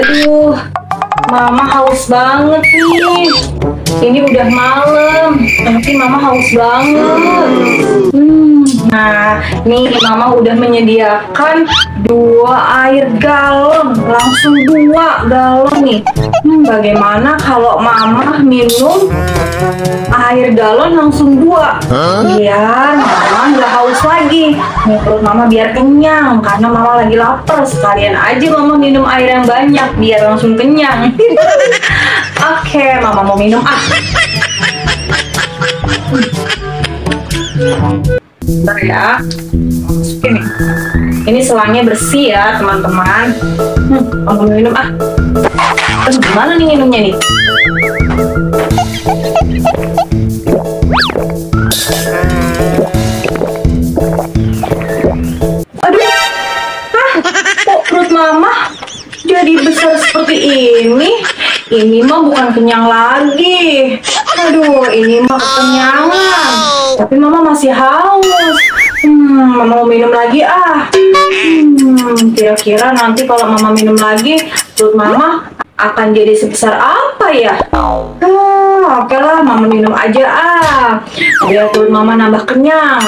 Aduh, Mama haus banget nih. Ini udah malam, tapi Mama haus banget. Hmm, nah, nih Mama udah menyediakan dua air galon, langsung dua galon nih. Hmm, bagaimana kalau Mama minum air galon langsung dua. Biar mama nggak haus lagi. Nih perut mama biar kenyang karena mama lagi lapar. Sekalian aja mama minum air yang banyak biar langsung kenyang. Oke, okay, mama mau minum ah. Bentar ya. Ini. Ini selangnya bersih ya, teman-teman. Hmm, mau minum ah. Terus gimana nih minumnya nih? jadi besar seperti ini? Ini mah bukan kenyang lagi. Aduh, ini mah kenyang. Tapi mama masih haus. Hmm, mama mau minum lagi ah. Hmm, kira-kira nanti kalau mama minum lagi, perut mama akan jadi sebesar apa ya? Hmm, oke okay lah, mama minum aja ah. Biar perut mama nambah kenyang.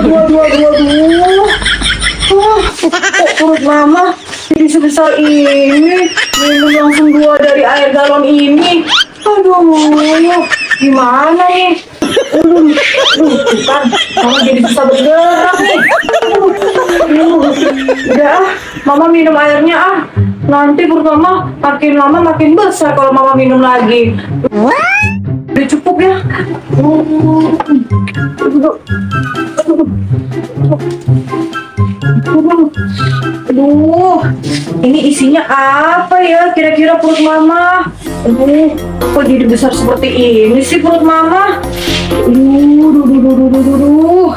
aduh, aduh, aduh, aduh. kok perut mama jadi sebesar ini? Minum langsung dua dari air galon ini. Aduh, gimana nih? Aduh, bukan. mama jadi susah bergerak nih. Udah mama minum airnya ah. Nanti perut mama makin lama makin besar kalau mama minum lagi udah cukup ya aduh ini isinya apa ya kira-kira perut mama aduh kok jadi besar seperti ini sih perut mama aduh aduh, aduh, aduh, aduh,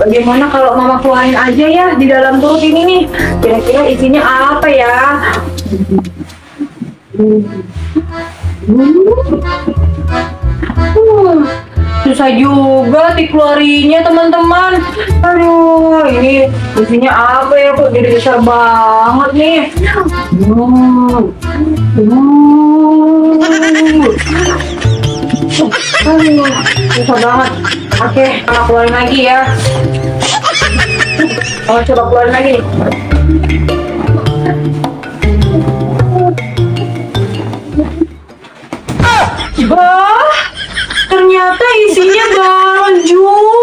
Bagaimana kalau mama keluarin aja ya di dalam perut ini nih? Kira-kira isinya apa ya? susah juga dikeluarinya teman-teman. Aduh, ini isinya apa ya kok jadi besar banget nih. Uh, uh. Aduh, susah banget. Oke, kita keluarin lagi ya. Kita oh, coba keluarin lagi. Wah, ternyata isinya baju.